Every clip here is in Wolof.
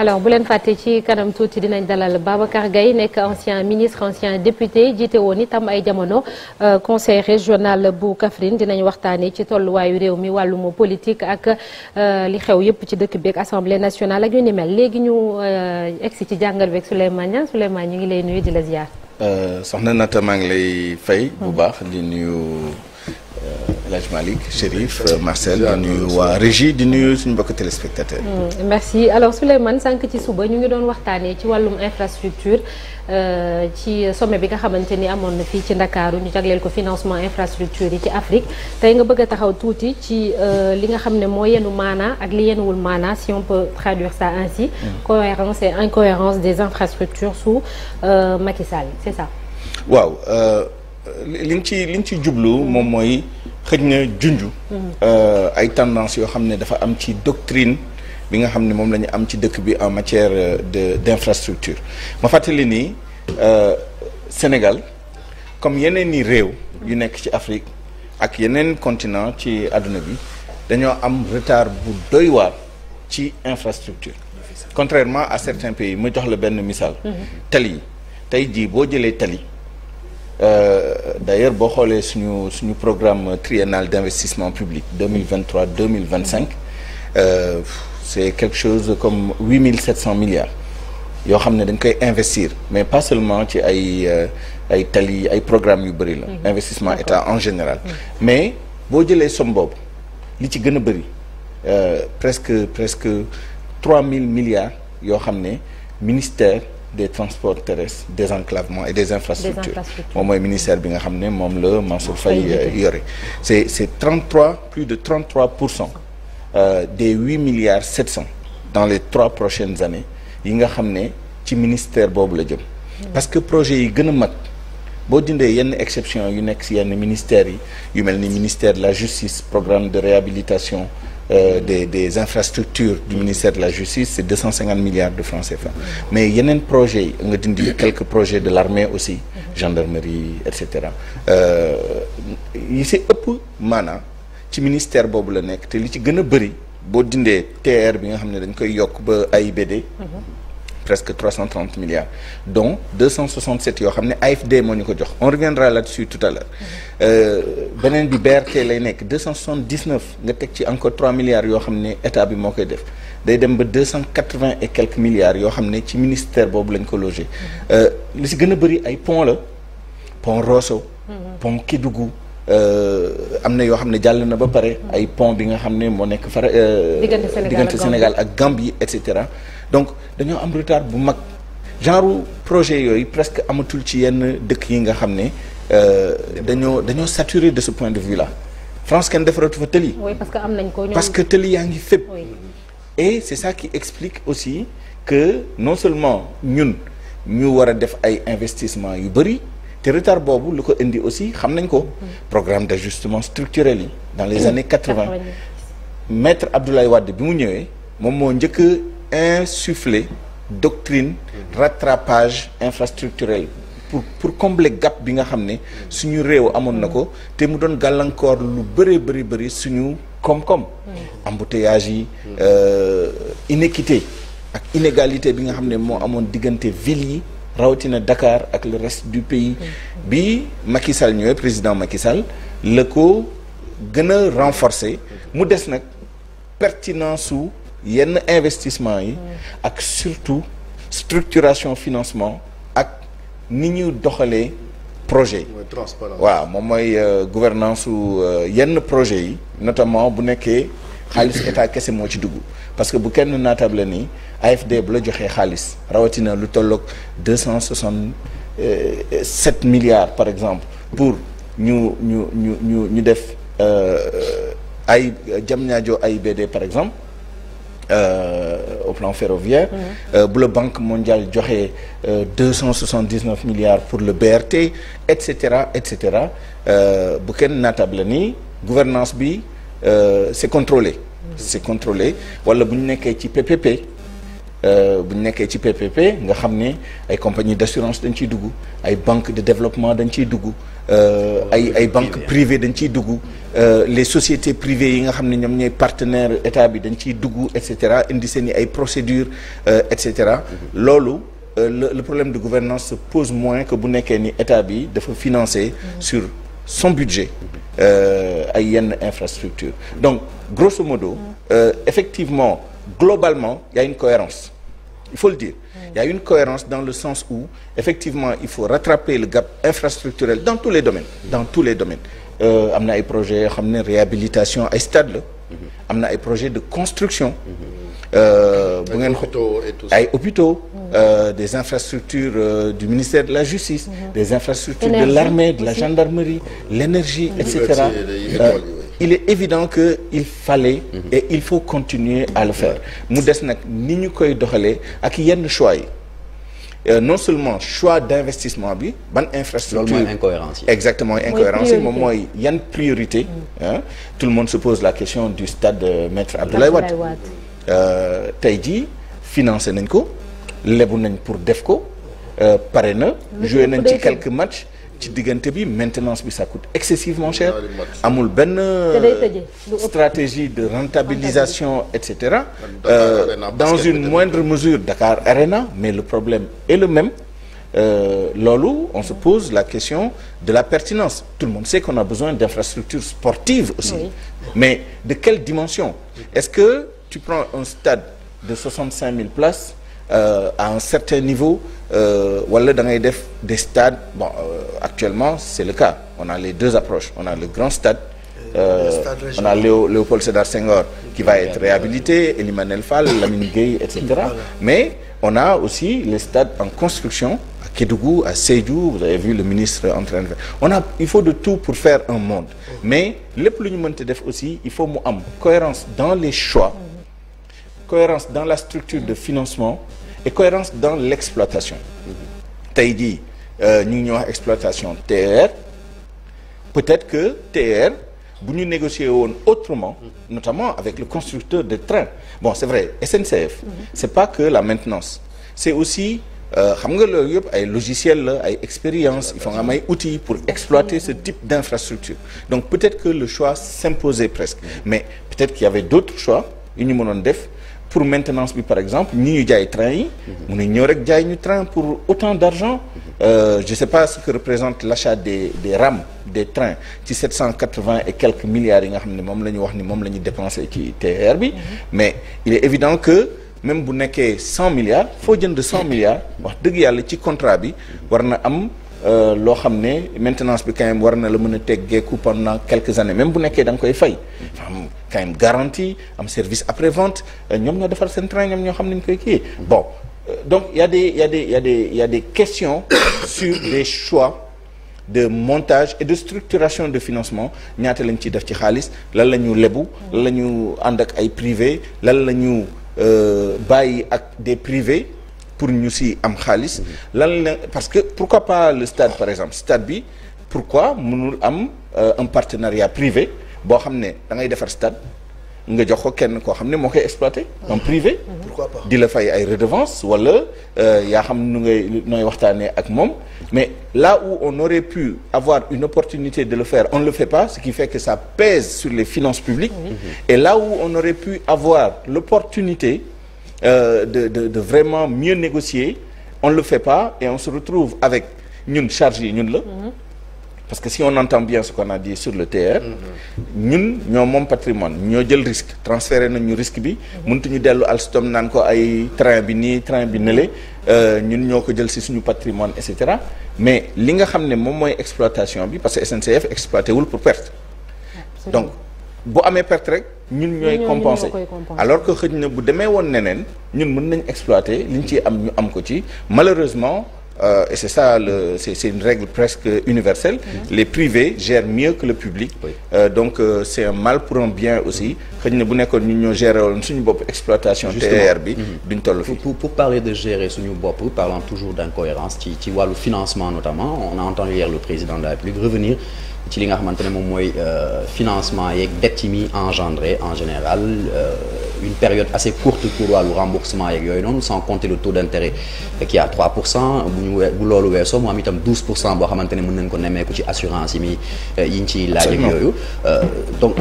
alors bu leen fàttee ci kanam tuuti dinañ dalal Babacar gay nekk ancien ministre ancien député jiite woon itam ay jamono euh, conseil régional bu Kaffrine dinañu waxtaanee ci tolluwaayu réew mi wàllum politique ak euh, li xew yépp ci dëkk bi ak assemblée nationale ak yu ni mel léegi ñu euh, egsi ci jàngal beeg Souleymane Niang Souleymane ñu ngi lay nuyu di la ziar. soxna Nata maa ngi lay fay. El Hadj Malick Chérif euh, Marcel di nuyu waa régie hmm, ci suba ñu ngi doon waxtaanee ci wàllum infrastructure euh, ci sommet bi nga xamante ni amoon na fii ci Ndakaaru ñu jagleel ko financement infrastructure yi ci Afrique tey nga bëgg a taxaw tuuti ci euh, li nga xam ne moo yenu maanaa ak li yenuwul maana si on peut traduire ça ainsi hmm. cohérence et incohérence des infrastructures sous Macky Sall c'est ça waaw li nga ci li nga ci jublu moom mooy xëj na junj. Euh, ay tendance yoo xam ne dafa am ci doctrine bi nga xam ne moom la am ci dëkk bi en matière de d'infrastructure ma fàttali ni euh, Sénégal comme yeneen i réew yu nekk ci Afrique ak yeneen continent ci àdduna bi dañoo am retard bu doy waar ci infrastructure contrairement à certains pays ma jox la benn misaal. Mm-hmm. tali yi tey jii boo jëlee tali. Euh, d'ailleurs boo xoolee suñu suñu programme triennal d'investissement public 2023 2025 euh, c'est quelque chose comme huit mille sept cent milliards yoo xam ne dañ koy investir mais pas seulement ci ay euh, ay tali ay programmes yu bëri la mm-hmm. investissement état en général mm-hmm. mais boo jëlee somme boobu li ci gën a bëri presque presque trois mille milliards yoo xam ne ministère des transports terrestres désenclavement et des infrastructures moom mooy ministère bi nga xam ne moom la Mansour Faye euh, yore c'est c'est 33 plus de 33 pour cent euh, des 8 milliards 700 dans les trois prochaines années yi nga xam ne ci ministère boobu la jëm parce que projet yi gën a mag boo dindee yenn exception yu nekk si yenn ministères yi yu mel ni ministère de la justice programme de réhabilitation euh, des des infrastructures du ministère de la justice c'est 250 milliards de francs CFA mais yeneen projets yi nga dindi quelques projets de l'armée aussi gendarmerie et cetera euh, yi si ëpp maanaam ci ministère boobu la nekk te li ci gën a bëri boo dindee TR bi nga xam ne dañ koy yokk ba AIBD mhm. presque 330 milliards dont 267 yoo xam ne AFD moo ñu ko jox on reviendra là-dessus tout à l'heure euh, beneen bi BRT lay nekk nga teg ci encore milliards yoo xam ne état bi moo koy def day dem ba 280 et quelques milliards yoo xam ne ci ministère boobu lañ ko logé euh, li si gën a bëri ay pont la pont Rosso pont Kédougou euh, am na yoo xam ne jàll na ba pare ay pont bi nga xam ne moo nekk fara diggante Sénégal ak Gambie et cetera donc dañoo am retard bu mag genre projet yooyu presque amatul ci yenn dëkk yi nga xam ne euh, dañoo dañoo saturé de ce point de vue là France kenn defaratu fa tëli. oui parce que am nañ ko parce que tëli yaa ngi fépp. et c'est ça qui explique aussi que non seulement ñun ñu war a def ay investissement yu bëri. te retard boobu lu ko indi aussi xam nañ ko mm-hmm. programme d'ajustement structurel yi dans les mm-hmm. années 80 maître Abdoulaye Wade bi mu ñëwee moom moo njëkk insuffler doctrine rattrapage infrastructurel pour pour combler gap bi nga xam ne suñu réew amoon na ko te mu doon gàllankoor lu bëree bëri bëri suñu koom-koom embouteillage yi euh, inéquité ak inégalité bi nga xam ne moo amoon diggante ville yi rawatina dakaar ak le reste du pays bi Macky Sall ñëwee président Macky Sall la ko gën a renforcer mu des nag pertinence su yenn investissement yi ak surtout structuration financement ak ni ñu doxalee projet yi waa moom mooy euh, gouvernance su euh, yenn projet yi notamment bu nekkee xaalis état kese moo ci dugg parce que bu kenn naatable nii AFD bu la joxee xaalis rawatina lu tolloog deux cent soixante euh, sept milliards par exemple pour ñu ñu ñu ñu ñu def ay Diamniadio AIBD par exemple Euh, au plan ferroviaire. Mhm. Euh, bu la banque mondiale joxe euh, deux cent soixante dix neuf milliards pour le BRT et cetera et cetera bu kenn naatable ni gouvernance bi c'est contrôlé. Mhm. c'est contrôlé wala bu ñu nekkee ci PPP. Euh, bu ñu nekkee ci PPP nga xam ne ay compagnie d'assurance dañ ciy dugg ay banque de développement dañ ciy dugg euh, ay ay banque privée dañ ciy dugg euh, les sociétés privées yi nga xam ne ñoom ñooy partenaire état bi dañ ciy dugg et cetera indi seen i ay procédures et cetera mhm. loolu le le problème de gouvernance se pose moins que bu nekkee ni état bi dafa financer mhm. sur son budget ay yenn infrastructure donc grosso modo mhm. effectivement globalement il y a une cohérence il faut le dire il y a une cohérence dans le sens où effectivement il faut rattraper le gap infrastructurel dans tous les domaines euh, am na ay projets réhabilitation ay stade la mhm. am na projets de construction mhm. euh, bu ngeen ay mhm. euh, des infrastructures de la justice mm -hmm. des l'armée de la gendarmerie l'énergie etc il est évident que il fallait mhm. et il faut continuer à le faire mu des nag ni ñu koy doxalee ak yenn choix yi euh, non seulement choix d'investissement bi ban infrastructure loolu mooy exactement incohérence yi moom mooy yan priorité mhm. hein tout le monde se pose la question du stade euh, maître Abdoulaye Wade euh, tey jii financé nañ ko lebu nañ pour def ko pare na joué nañ ci quelques matchs ci diggante bi maintenance bi ça coûte excessivement cher amul benn stratégie de rentabilisation et cetera euh, dans une moindre mesure Dakar Arena mais le problème est le même euh, loolu on se pose la question de la pertinence tout le monde sait qu'on a besoin d'infrastructures sportives aussi mais de quelle dimension est-ce que tu prends un stade de 65 000 places euh, à un certain niveau euh, wala da ngay def des stades bon euh, actuellement c'est le cas on a les deux approches on a le grand stade euh, euh on a Léo, Léopold Sédar Senghor qui va être réhabilité, Elimane El Fall, Lamine Gueye, etc. Voilà. Mais on a aussi les stades en construction à Kédougou, à Sédhiou, vous avez vu le ministre en train de on a il faut de tout pour faire un monde. Mais lépp lu ñu mënta def aussi il faut mu am cohérence dans les choix, cohérence dans la structure de financement. et cohérence dans l'exploitation tey jii euh, ñu ngi ñuy wax exploitation TER peut-être que TER bu ñu négocier woon autrement notamment avec le constructeur de train bon c'est vrai SNCF c'est pas que la maintenance c'est aussi euh, xam nga loolu yëpp ay logiciel la ay expérience il faut nga am ay outils pour exploiter ce type d'infrastructure donc peut-être que le choix s'imposait presque mais peut-être qu'il y avait d'autres choix yu ñu mënoon def pour maintenance bi par exemple ñi ñu jaay train yi mhm. mun nañ ñëw rek jaay ñu train pour autant d'argent mhm. euh, je sais pas ce que représente l'achat des des rames des trains ci sept cent quatre-vingts et quelques milliards yi nga xam ne moom la ñu wax ni moom la ñu dépensé ci TER bi mhm. mais il est évident que même bu nekkee cent milliards foo jënd cent milliards wax dëgg yàlla ci contrat bi war na am Euh, loo xam ne maintenance bi quand même war na la mën a teggeeku pendant quelques années même bu nekkee da nga koy fay am quand même am service après vente euh, ñoom ñoo defar seen train ñoom ñoo xam nañ koy kii bon euh, donc y a des y a des y a des sur des choix de montage et de structuration de financement ñaata lañ ciy def ci xaalis lan la ñu lebu lan la ñu ànd ak ay privé lal la ñu bàyyi ak des privés pour ñu si am xaalis lan la parce que pourquoi pas le stade par exemple stade bi pourquoi munul am euh, un partenariat privé boo xam ne da ngay defar stade nga jox ko kenn koo xam ne moo koy exploité en privé pourquoi di la fay ay redevance wala euh, yaa xam nu ngay nooy waxtaanee ak moom mais là où on aurait pu avoir une opportunité de le faire on ne le fait pas ce qui fait que ça pèse sur les finances publiques et là où on aurait pu avoir l'opportunité euh, de de de vraiment mieux négocier on le fait pas et on se retrouve avec ñun charge yi ñun la. Mm-hmm. parce que si on entend bien ce qu'on a dit sur le TR. Mm-hmm. ñun ñoo moom patrimoine ñoo jël risque transféré nañu risque bi. Mm-hmm. mëntuñu dellu Alstom naan ko ay train bi nii train bi nële euh, ñun ñoo ko jël si suñu patrimoine et cetera mais li nga xam ne moom mooy exploitation bi parce que SNCF exploité wul pour perte. donc bu amee perte rek ñun ñooy compenser alors que xëj na bu demee woon neneen ñun mën nañ exploiter liñ ci am ñu am ko ci malheureusement euh, et c'est ça le c'est une règle presque universelle mhm. les privés gèrent mieux que le public euh, donc euh, c'est un mal pour un bien aussi xëy na bu nekkoon ñun ñoo gérer woon suñu bopp exploitation TER bi mhm. duñ toll fi pour parler de gérer suñu bopp parlant toujours d'incohérence ci ci wàllu financement notamment on a entendu hier le président de la République revenir ci li nga xamante ne moom mooy euh, financement yeeg dette yi muy engendré en général euh, une période assez courte pour wàllu remboursement yeeg yooyu sans compter le taux d'intérêt qui est à 3 pour cent bu ñu bu loolu weesoo mu am itam 12 pour cent boo ne mën nañ ko nemmeeku ci assurance yi muy euh, yi ñu ciy laaj euh, donc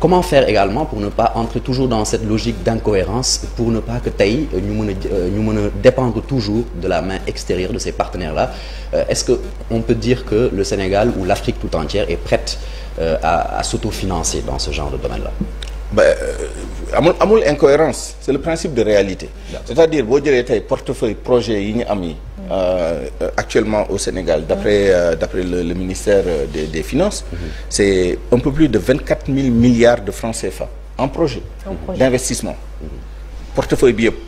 comment faire également pour ne pas entrer toujours dans cette logique d'incohérence pour ne pas que tey ñu mën a euh, ñu mën a dépendre toujours de la main extérieure de ces partenaires là est-ce que on peut dire que le Sénégal ou l'Afrique tout entière est prête à, à s'autofinancer dans ce genre ba euh, amul amul incohérence c'est le principe de réalité c'est-à-dire boo jëlee tey portefeuille projet yi ñu am yi mm. euh, euh, actuellement au Sénégal d'après mm. euh, d'après le, le ministère des des finances mm -hmm. c'est de vingt quatre mille milliards de francs CFA en projet mm -hmm. d'investissement mm -hmm. yëpp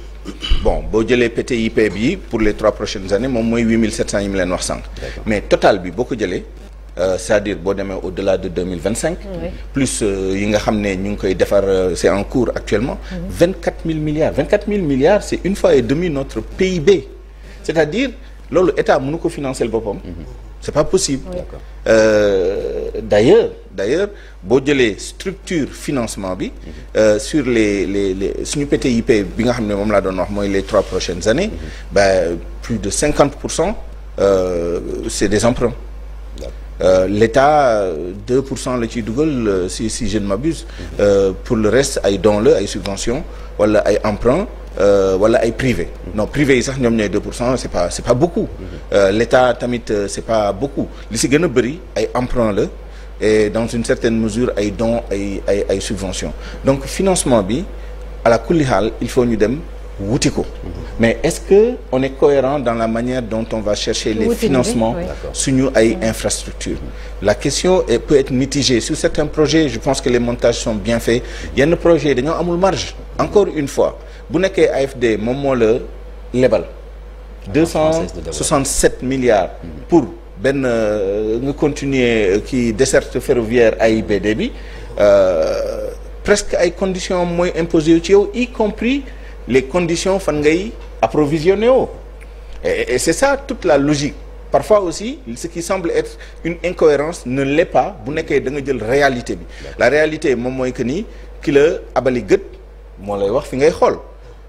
boo jëlee PTIP bi pour les trois prochaines années moom mooy wax sànq mais total bi boo ko jëlee Euh, c'est-à-dire boo demee au-delà de deux mille vingt cinq. plus euh, yi nga xam ne ñu ngi koy defar euh, c'est en cours actuellement. Mhm. vingt quatre mille milliards vingt quatre mille milliards c'est une fois et demi notre PIB. c'est-à-dire loolu état mënu ko financer boppam. Mhm. c'est pas possible. Oui. Euh, d'ailleurs d'ailleurs boo jëlee structure financement bi. Mhm. Euh, sur les les les suñu PTIP bi nga xam ne moom laa doon wax mooy les trois prochaines années. Mm -hmm. bah plus de cinquante pour cent c'est des emprunts. Euh, l'État 2 euh, pour cent la ciy dugal euh, si si je ne m'abuse pour le reste ay dons la ay subventions wala ay emprunts wala ay privé no privé yi sax ñoom ñooy 2 pour cent c'est pas c'est pas beaucoup l'État tamit c'est pas beaucoup li si gën a bëri ay emprunts la et dans une certaine mesure ay dons ay ay ay subventions donc financement bi à la kulli il faut ñu dem wuti ko mais est-ce que on est cohérent la manière dont on va chercher les suñu ay infrastructure la question est, peut être mitigée sur je pense que les montages sont yenn projets dañoo amul marge encore une fois bu nekkee AFD moom moo la lebal 267 milliards pour benn euh, nga continuer kii euh, desserte ferroviaire AIBD bi euh, presque ay conditions mooy imposé ci yow y compris les conditions fan ngay approvisionné woo et, et c'est ça toute la logique parfois aussi ce qui semble être une incohérence ne l'est pas bu nekkee danga jël réalité bi la réalité moom mooy que ni ki la abali gët moo lay wax fi ngay xool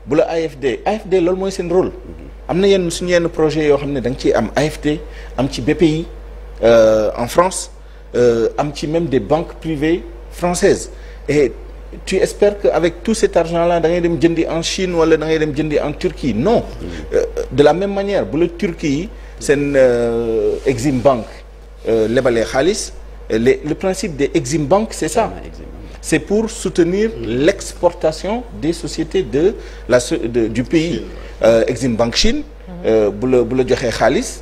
bu la AFD AFD loolu mooy seen rôle mhm. am na yenn suñu yenn projet yoo xam ne danga nga ciy am AFD am ci béppi euh, en France euh, am ci même des banque privées française tu espères que avec tout cet argent là da ngay dem jëndi en Chine wala da dem jëndi en Turquie non euh, de la même manière bu la Turquie seen euh, Exim Bank euh, lebalee xaalis le le principe des Exim Bank c'est ça c'est pour soutenir l'exportation des sociétés de la de, du pays Exim Bank Chine mhm. bu la bu xaalis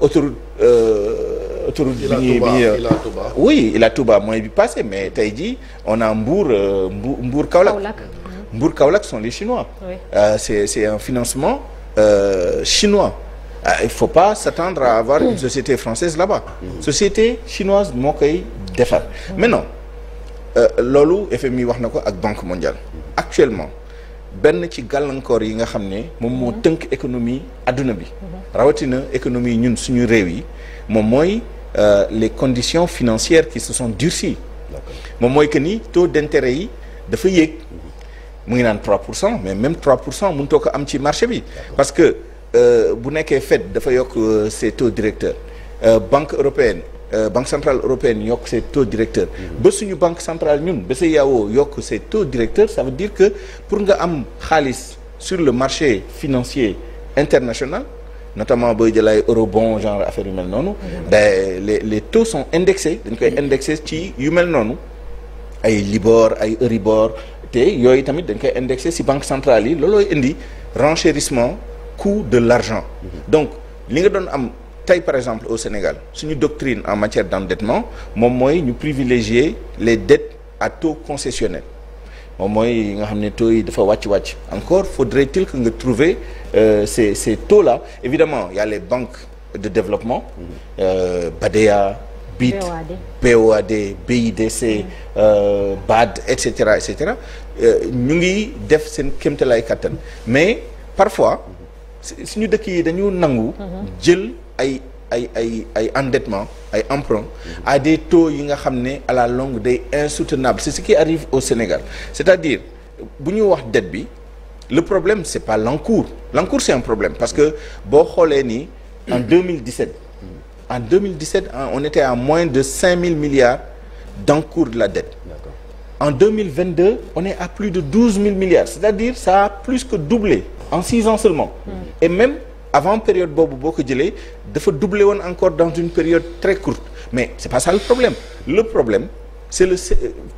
autoroute autoroute bi ñuy bi ñuy euh, oui Ila Touba mooy tey jii on euh, Mbour Mbour Mbour Kaolack Mbour Kaolack sont les Chinois euh, c'est un financement chinois il faut pas à avoir une société française là-bas société moo koy defar maintenant loolu FMI wax na ko ak Banque mondiale actuellement benn ci gàllankoor yi nga xam ne moom moo mhm. tënk économie adduna bi rawatina économie ñun suñu réew yi moom mooy euh, les conditions financières qui se sont durcies moom mooy que ni taux d'intérêt yi dafa yéeg mu ngi naan 3 pour cent mais même 3 pour cent mënutoo ko am ci marché bi parce que euh, bu nekkee fet dafa euh, euh, yokk ses taux directeurs banque européenne banque centrale européenne yokk see taux directeurs ba suñu banque centrale ñun ba sa yokk ses taux directeurs ça veut dire que pour nga am xaalis sur le marché financier international notamment booy jël euro bon genre affaire yu mel noonu. day mhm. les les taux sont indexés. dañ koy mhm. indexé ci yu mel noonu ay Libor ay Euribor te yooyu tamit dañ koy indexé si banque centrale yi loolooy indi renchérissement coût de l'argent mhm. donc li nga doon am tey par exemple au Sénégal suñu doctrine en matière d'endettement moom mooy ñu privilégier les dettes à taux concessionnel moom mooy nga xam ne taux yi dafa wàcc-wàcc encore faudrait-il que nga trouver Euh, ces ces taux-là évidemment il y a les banques de développement mhm. euh, BADEA BID POAD BIDC mhm. euh, BAD et cetera et cetera ñu ngi def seen kéemtalaay kattan mais parfois suñu dëkk yi dañu nangu mhm. jël ay ay ay ay endettement ay emprunt à des yi nga xam ne à la longue day insoutenable c'est ce qui arrive au Sénégal c'est-à-dire bu ñu wax dette bi le problème c'est pas l'encours l'encours c'est problème parce que boo xoolee ni en 2017 en 2017 on était à moins de 5000 milliards d'encours de la dette d'accord en 2022 on est à plus de 12000 milliards c'est-à-dire ça a plus que doublé en six ans hmm. même avant période boobu boo ko jëlee dafa doublé woon encore dans une période très courte mais c'est pas ça le problème c'est le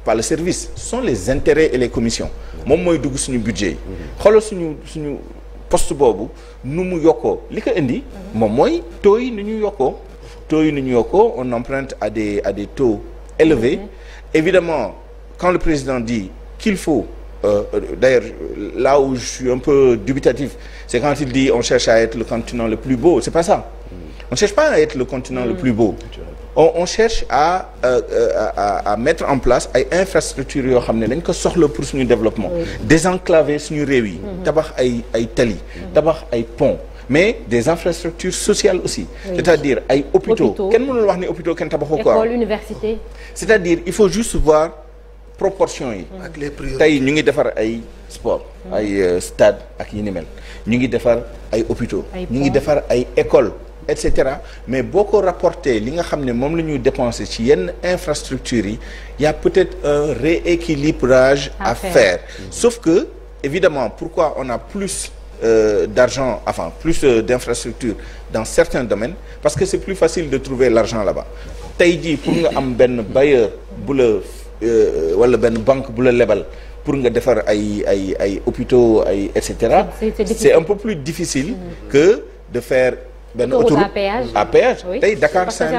pas le service ce sont les intérêts et les commissions moom mooy dugg suñu budget yi xoolal suñu suñu poste boobu nu mu yokkoo li ko indi moom mooy taux yi nu ñu yokkoo taux yi nu ñu yokkoo on emprunte à des à des taux élevés mm-hmm. évidemment quand le président dit qu'il faut euh, euh, d'ailleurs là où je suis un peu dubitatif c'est quand il dit on cherche à être le continent le plus beau c'est pas ça mm. on cherche pas à être le continent le mm. plus beau on on cherche à euh, euh à à mettre en place ay infrastructures yoo xam ne dañ ko soxla pour suñu développement. des désenclaver suñu réew yi. Mhm. tabax ay ay tali. Mhm. tabax ay pont mais des infrastructures sociales aussi. Oui. c'est-à-dire ay hôpitaux kenn mënul wax ni hôpitaux kenn tabaxoo ko école université. c'est-à-dire il faut juste voir proportion yi. Mhm. ak les priorités tey ñu ngi defar ay sport. ay euh, stade ak yi ni ñu ngi defar ay hôpitaux. ñu ngi defar ay écoles. et cetera mais boo ko rapporté li nga xam ne moom la ñuy dépensé ci yenn infrastructures yi y a peut-être un rééquilibrage à, à faire, faire. Mmh. sauf que évidemment pourquoi on a plus euh, d'argent avant plus euh, d'infrastructures dans certains domaines parce que c'est plus facile de trouver l'argent là ba tey jii pour nga am benn bailleur bu la euh, wala benn banque bu la lebal pour nga defar ay ay ay hôpitaux ay et cetera c'est un peu plus difficile que de faire benn autoroute à péage à péage tey Dakar Saint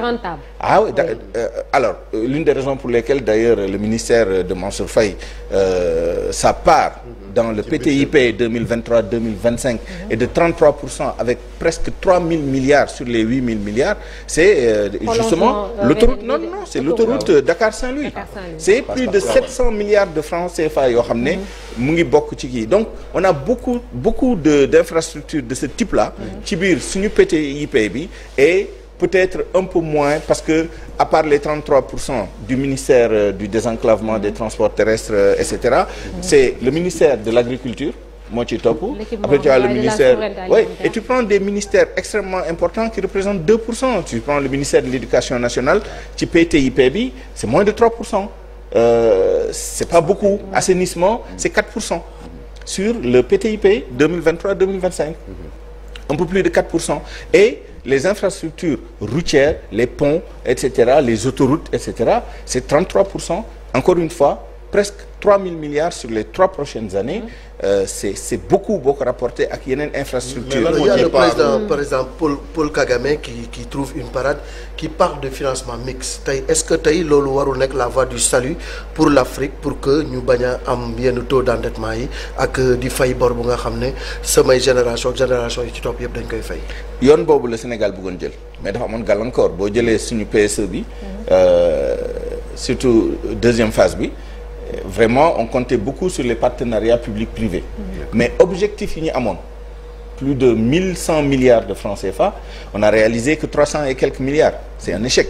ah oui euh, alors l'une des raisons pour lesquelles d'ailleurs le ministère de Mansour Faye euh, sa part dans le PTIP 2023 2025 et de 33 pour cent avec presque 3000 milliards sur les 8000 milliards c'est euh, justement euh, l'autoroute non non c'est ah, l'autoroute ah Dakar Saint-Louis c'est plus de 700 milliards de francs CFA yoo xam ne mhm. mu ngi bokk ci kii donc on a beaucoup beaucoup de d'infrastructures de ce mhm. ci biir suñu PTIP bi et peut-être un peu moins parce que à part les 33 pour cent ministère euh, désenclavement des transports terrestres euh, et cetera c'est le ministère de l'agriculture moo ciy topp après tu as ministère oui et tu prends des ministères extrêmement importants qui représentent 2 pour cent tu prends le ministère de l'éducation nationale ci PTIP bi c'est moins de 3 pour cent euh, c'est pas beaucoup assainissement c'est 4 pour cent sur le PTIP 2023 2025 un cent les infrastructures routières les ponts et cetera les autoroutes et cetera c'est 33 pour cent encore fois presque 3000 milliards sur les trois prochaines années euh, c'est c'est beaucoup boo ko rapporté ak yeneen infrastructure il y a le président par exemple Paul Paul Kagame qui qui trouve une parade qui parle de financement mixte tey est-ce que tey loolu warul nekk la voie du salut pour l'Afrique pour que ñu bañ a am yenn taux d'endettement yi ak euh, di fay bor bu nga xam ne samay génération génération yi ci topp yëpp dañ koy fay yoon boobu la Sénégal bëggoon jël mais dafa amoon gàllankoor boo jëlee suñu PSE bi mmh. euh, surtout deuxième phase bi vraiment on comptait beaucoup sur les partenariats public-privé mais objectif yi ñu amoon plus de mille cent milliards de francs CFA on a réalisé que trois et quelques milliards c'est un échec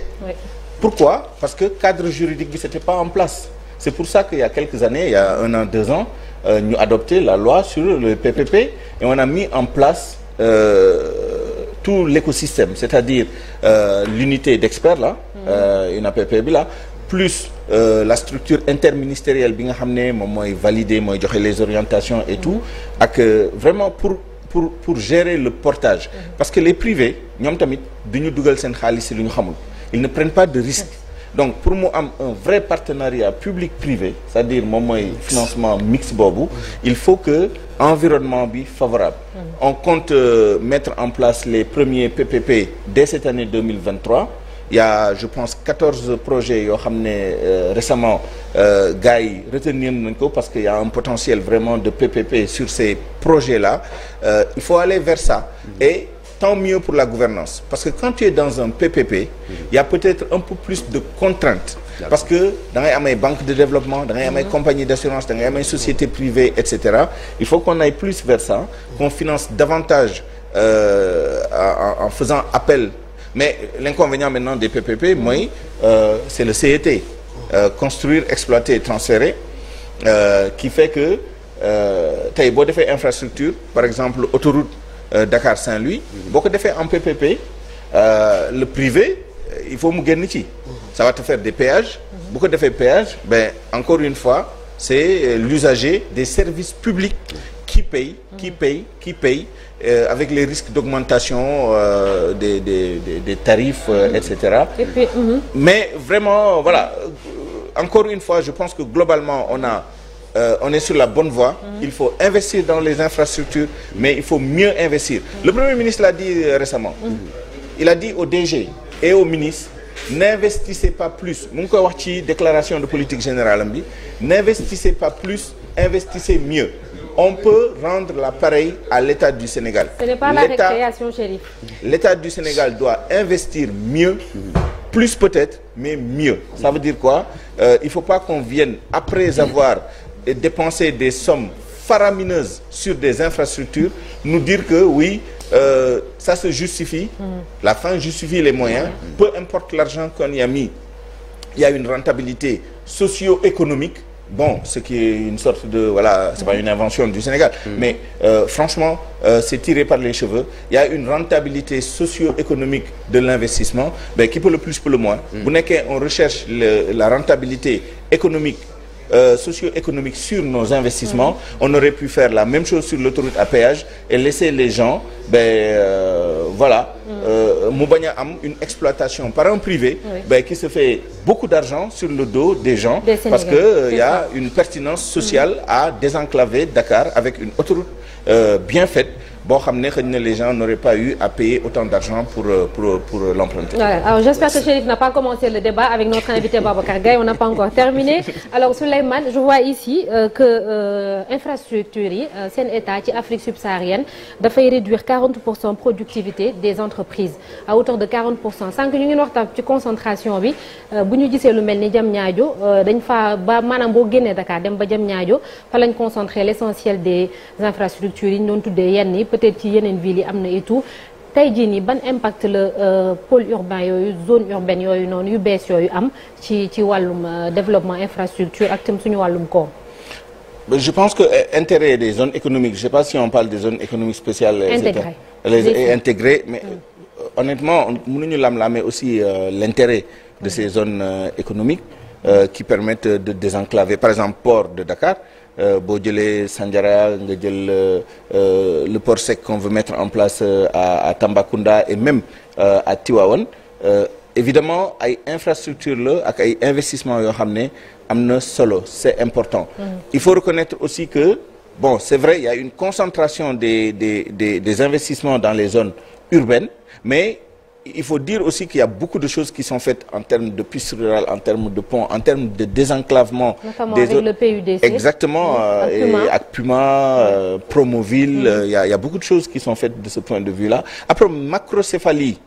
pourquoi parce que cadre juridique bi c'était pas en place c'est pour ça qu'il y a quelques années il y a un an deux ans euh, ñu adopté la loi sur le PPP et on a mis en place euh, tout l'écosystème c'est-à-dire euh, l'unité d'experts là mm. euh, une APP bi là plus Euh, la structure interministérielle bi nga xam ne moom mooy valider mooy joxe les orientations et tout ak euh, vraiment pour pour pour gérer le portage parce que les privés ñoom tamit du ñu dugal seen xaalis si lu ñu xamul ils ne prennent pas de risque donc pour mu am un vrai partenariat public privé c'est-à-dire moom mooy financement mixte boobu il faut que environnement bi favorable mm. on compte euh, mettre en place les premiers PPP dès cette année 2023 il y a je pense quatorze projets yoo xam ne euh, récemment euh, gars yi retenir nañ ko parce que un potentiel vraiment de PPP sur ces projets là euh, il faut aller vers ça mm-hmm. et tant mieux pour la gouvernance parce que quand tu es dans un PPP mm-hmm. il y a peut-être un peu plus de contraintes parce que da ngay am ay banque de développement da ngay am ay mm-hmm. compagnie d'assurance da ngay am ay société privée et cetera il faut qu'on aille plus vers ça qu'on finance davantage euh, en, en faisant appel mais l'inconvénient maintenant des PPP mooy euh, c'est le CET euh, construire exploiter et transférer euh, qui fait que euh, tey boo defee infrastructure par exemple autoroute euh, Dakar Saint-Louis mhm. boo ko defee en PPP le privé il faut mu génn ci mhm. ça va te faire des péages mhm. bu ko defee péage ben encore une fois c'est l'usager des services publics qui paye qui paye qui Euh, avec les risques d'augmentation euh, des, des, des, des, tarifs, euh, etc. Et puis, mm -hmm. Mais vraiment, voilà, euh, encore une fois, je pense que globalement, on, a, euh, on est sur la bonne voie. Mm -hmm. Il faut investir dans les infrastructures, mais il faut mieux investir. Mm -hmm. Le Premier ministre l'a dit euh, récemment. Mm-hmm. Il a dit au DG et au ministre, n'investissez pas plus. Mon déclaration de politique générale, n'investissez pas plus, investissez mieux. on peut rendre l'appareil à l'État du Sénégal. Ce n'est pas la récréation, chéri. L'État du Sénégal doit investir mieux, plus peut-être, mais mieux. Ça veut dire quoi? Euh, il faut pas qu'on vienne après avoir dépensé des sommes faramineuse sur des infrastructures nous dire que oui euh, ça se justifie mmh. la fin justifie les moyens mmh. peu importe l'argent qu'on y a mis il y a une rentabilité socio-économique bon ce qui est une sorte de voilà c'est pas une invention du Sénégal mm. mais euh, franchement euh, c'est tiré par les cheveux il y a une rentabilité socio-économique de l'investissement ben, qui peut le plus peut le moins mm. bu nekkee on recherche le, la rentabilité économique euh, socio-économique sur nos investissements mm. on aurait pu faire la même chose sur l'autoroute à péage et laisser les gens ben euh, voilà mu bañ a am une exploitation par un privé oui. ben, qui se fait beaucoup d'argent sur le dos des gens des parce que il euh, y a une pertinence sociale à désenclaver Dakar avec une autoroute euh, bien faite boo xam ne xëy na les gens n'auraient pas eu autant d'argent pour euh, pour euh, euh, j'espère que Chérif n'a pas commencé le débat avec notre invité Babacar Gaye n'a pas encore terminé alors je vois ici que infrastructure yi seen état ci Afrique subsaharienne dafay réduire 40 pour cent productivité des entreprises à hauteur de 40 pour cent sànq ñu ngi waxtaan ci concentration bi bu ñu gisee lu mel ni Diamniadio dañ fa ba maanaam boo génnee Dakar dem ba Diamniadio fa lañ concentrer l'essentiel des infrastructures yi ñu doon peut ci yeneen villes yi am na et tout tey jii nii ban impact la euh, pôle urbain yooyu zone urbaine yooyu noonu yu bees yooyu am ci ci wàllum euh, développement infrastructure ak tam suñu wàllum koom. je pense que euh, intérêt des zones économiques je sais pas si on parle des zones économiques spéciales. intégrées les intégrées mais mm. honnêtement mënuñu lam-lamee aussi l'intérêt de mm. ces zones économiques qui permettent de désenclaver par exemple port de Dakar. Euh, boo jëlee Sandiara nga jël euh, le port sec qu'on veut mettre en place euh, à à Tambacounda et même à Tivaouane évidemment ay infrastructure la ak ay investissement yoo xam ne am na solo c'est important mm. il faut reconnaître aussi que c'est vrai il y une concentration des des des des investissements dans les zones urbaines mais il faut dire aussi qu'il y a beaucoup de choses qui sont faites en termes de pistes rurales, en termes de ponts, en termes de désenclavement. Notamment des avec autres... le PUDC. Exactement, oui, euh, et Puma. Avec Puma oui. euh, Promoville, mm-hmm. euh, il oui. euh, y, y, a beaucoup de choses qui sont faites de ce point de vue-là. Après, macrocéphalie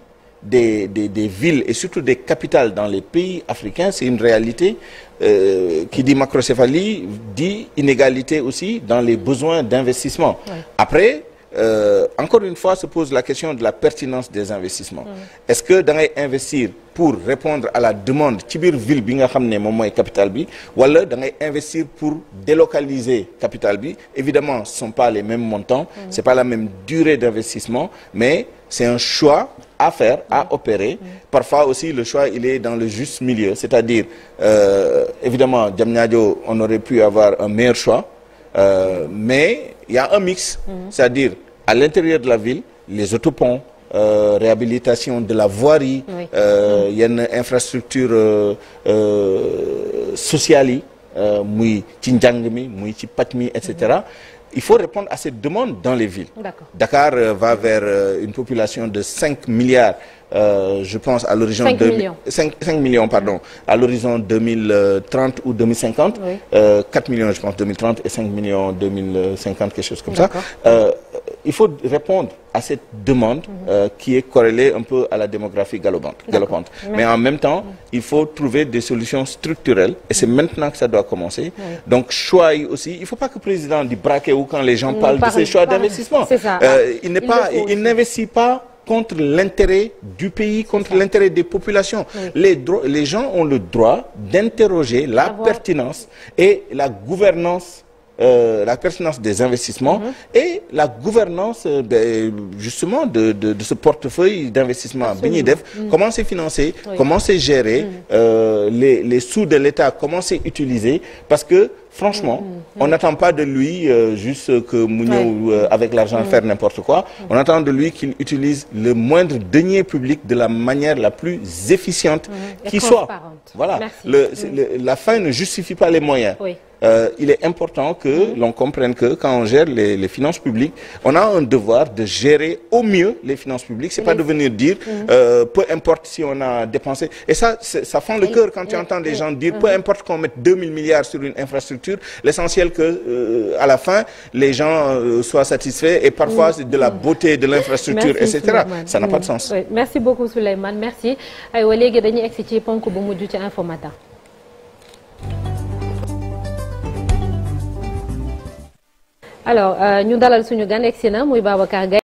des, des, des, villes et surtout des capitales dans les pays africains, c'est une réalité euh, qui dit macrocéphalie, dit inégalité aussi dans les besoins d'investissement. Après, euh, encore une fois se pose la question de la pertinence des investissements mmh. est-ce que da ngay investir pour répondre à la demande ci biir ville bi nga xam ne moom mooy capital bi wala da ngay investir pour délocaliser capital bi évidemment ce sont pas les mêmes montants mmh. c'est pas la même durée d'investissement mais c'est un choix à faire à mm. opérer mm. parfois aussi le choix il est dans le juste milieu c'est-à-dire euh, évidemment Diamniadio on aurait pu avoir un meilleur choix euh, mais y a un mix. Mm -hmm. c'est-à-dire à l'intérieur de la ville les autoponts euh, réhabilitation de la voirie. Oui. Euh, mm -hmm. infrastructure euh, euh, sociale yi euh, muy ci njàng mi muy ci pàcc mi et cetera. Mhm. il faut répondre à cette demande dans les villes. D'accord. Dakar va vers une population de cinq milliards. euh, je pense à l'horizon 5 millions 5, 5 millions pardon à l'horizon 2030 ou 2050 euh, millions je pense et millions 2050 chose comme ça euh, il faut répondre à cette demande mhm. euh, qui est corrélée à la démographie galopante mais en même temps il faut trouver des solutions structurelles et c'est mhm. maintenant que ça doit commencer oui. donc faut pas que président di braquer ou quand les gens parlent de ses choix d'investissement il n'investit pas contre l'intérêt du pays, contre l'intérêt des populations. Oui. Les, les gens ont le droit d'interroger la Avoir... pertinence et la gouvernance euh, la pertinence des investissements mm -hmm. et la gouvernance euh, ben, justement de, de, de, ce portefeuille d'investissement bi ñuy def comment c'est financé oui. comment c'est géré mm -hmm. euh, les, les sous de l'État comment c'est utilisé parce que franchement on n'attend pas de lui euh, juste que mu ñëw euh, avec l'argent faire n'importe quoi on attend de lui qu'il utilise le moindre denier public de la manière la plus efficiente qui soit voilà le, le la fin ne justifie pas les moyens oui. euh, il est important que mm-hmm. l'on comprenne que on gère les, les finances publiques, on a un devoir de gérer au mieux les finances publiques. C'est pas de venir dire, mm-hmm. euh, peu importe si on a dépensé. Et ça, ça fend le cœur quand tu entends les gens dire, mm-hmm. peu importe qu'on mette 2000 milliards sur une infrastructure, l'essentiel que, euh, à la fin, les gens euh, soient satisfaits et parfois de la beauté de l'infrastructure, etc. Ça n'a pas de sens. Oui. Merci beaucoup Souleymane, merci. alors euh, ñu dalal suñu gan egsi na muy Babacar Gaye